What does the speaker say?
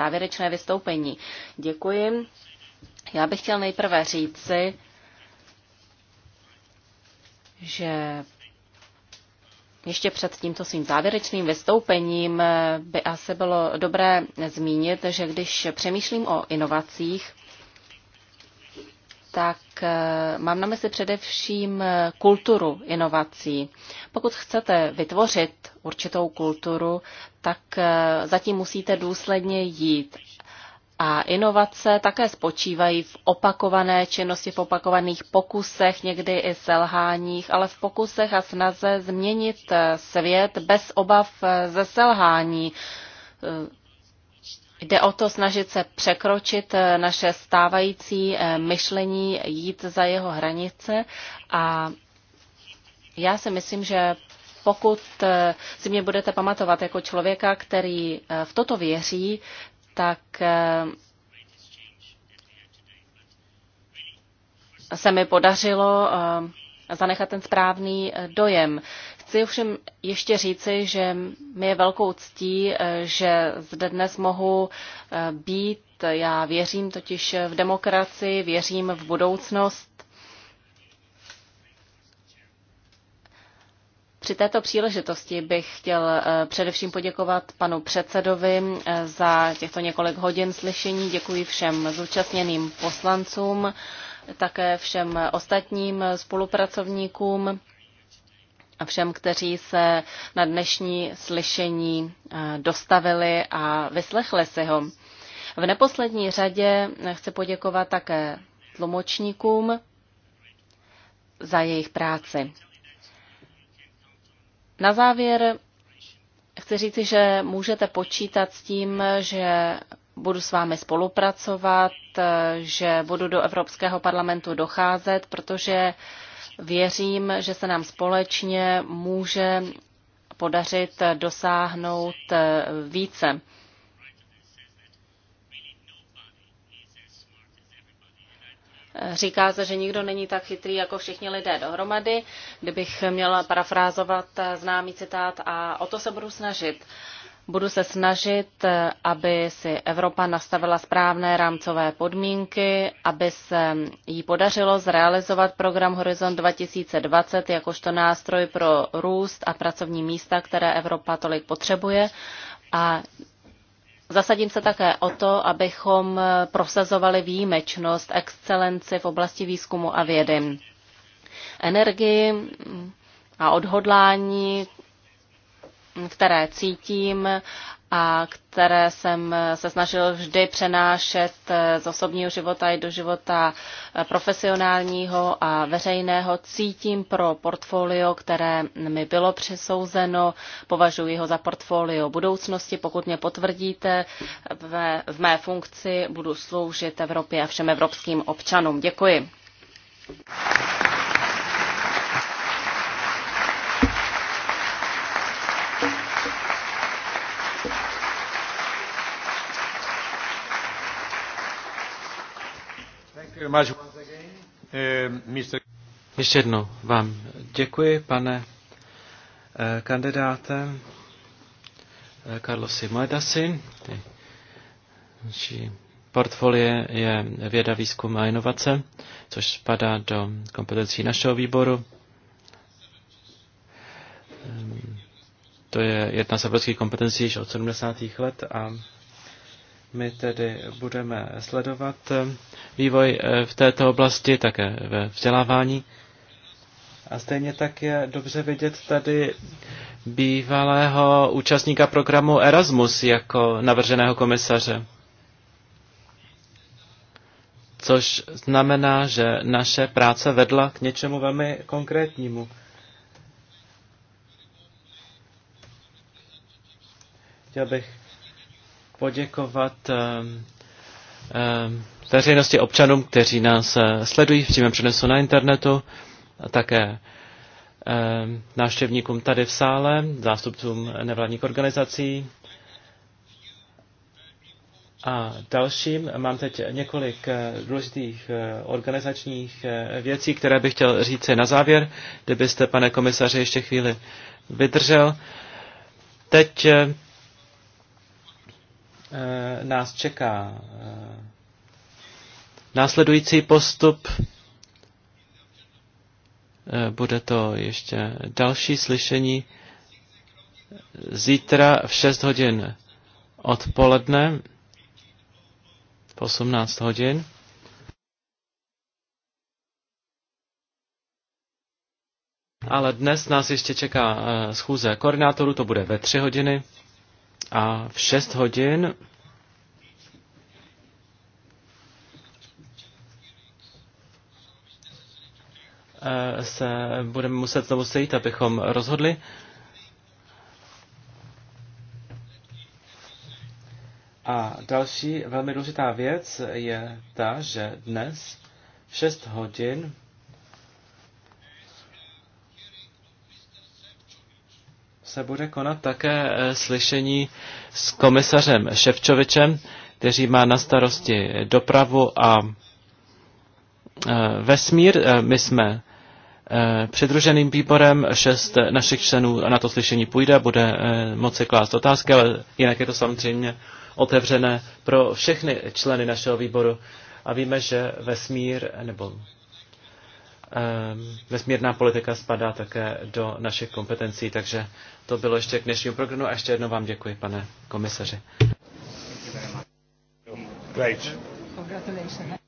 závěrečné vystoupení. Děkuji. Já bych chtěl nejprve říci, že ještě před tímto svým závěrečným vystoupením by asi bylo dobré zmínit, že když přemýšlím o inovacích, tak eh, mám na mysli především eh, kulturu inovací. Pokud chcete vytvořit určitou kulturu, tak eh, zatím musíte důsledně jít. A inovace také spočívají v opakované činnosti, v opakovaných pokusech, někdy i selháních, ale v pokusech a snaze změnit eh, svět bez obav eh, ze selhání. Jde o to snažit se překročit naše stávající myšlení, jít za jeho hranice a já si myslím, že pokud eh, si mě budete pamatovat jako člověka, který eh, v toto věří, tak eh, se mi podařilo zanechat ten správný dojem. Chci ovšem ještě říci, že mi je velkou ctí, že zde dnes mohu být. Já věřím totiž v demokracii, věřím v budoucnost Při této příležitosti bych chtěl eh, především poděkovat panu předsedovi eh, za těchto několik hodin slyšení. Děkuji všem zúčastněným poslancům, také všem ostatním spolupracovníkům a všem, kteří se na dnešní slyšení eh, dostavili a vyslechli si ho. V neposlední řadě chci poděkovat také tlumočníkům za jejich práci. Na závěr chci říci, že můžete počítat s tím, že budu s vámi spolupracovat, že budu do Evropského parlamentu docházet, protože věřím, že se nám společně může podařit dosáhnout více. Říká se, že nikdo není tak chytrý jako všichni lidé dohromady, kdybych měla parafrázovat známý citát a o to se budu snažit. Budu se snažit, aby si Evropa nastavila správné rámcové podmínky, aby se jí podařilo zrealizovat program Horizont 2020 jakožto nástroj pro růst a pracovní místa, které Evropa tolik potřebuje. A Zasadím se také o to, abychom prosazovali výjimečnost, excelenci v oblasti výzkumu a vědy. Energii a odhodlání, které cítím a které jsem se snažil vždy přenášet z osobního života i do života profesionálního a veřejného, cítím pro portfolio, které mi bylo přisouzeno. Považuji ho za portfolio budoucnosti. Pokud mě potvrdíte ve, v mé funkci, budu sloužit Evropě a všem evropským občanům. Děkuji. Uh, Ještě jednou vám děkuji, pane eh, kandidáte eh, Carlosi Moedasi. Naší portfolie je věda, výzkum a inovace, což spadá do kompetencí našeho výboru. Ehm, to je jedna z evropských kompetencí již od 70. let a my tedy budeme sledovat eh, vývoj eh, v této oblasti, také ve vzdělávání. A stejně tak je dobře vidět tady bývalého účastníka programu Erasmus jako navrženého komisaře. Což znamená, že naše práce vedla k něčemu velmi konkrétnímu. Chtěl bych poděkovat ehm, ehm, veřejnosti občanům, kteří nás eh, sledují v přímém přenesu na internetu a také ehm, návštěvníkům tady v sále, zástupcům nevládních organizací a dalším. Mám teď několik eh, důležitých eh, organizačních věcí, které bych chtěl říct na závěr, kdybyste, pane komisaři, ještě chvíli vydržel. Teď Eh, nás čeká eh, následující postup. Eh, bude to ještě další slyšení zítra v 6 hodin odpoledne, v 18 hodin. Ale dnes nás ještě čeká schůze koordinátorů, to bude ve 3 hodiny. A v 6 hodin eh, se budeme muset znovu sejít, abychom rozhodli. A další velmi důležitá věc je ta, že dnes v 6 hodin se bude konat také eh, slyšení s komisařem Ševčovičem, který má na starosti dopravu a eh, vesmír. Eh, my jsme přidruženým výborem, šest našich členů na to slyšení půjde, bude moci klást otázky, ale jinak je to samozřejmě otevřené pro všechny členy našeho výboru. A víme, že vesmír nebo Ehm, vesmírná politika spadá také do našich kompetencí, takže to bylo ještě k dnešnímu programu a ještě jednou vám děkuji, pane komisaři. Great. Congratulations.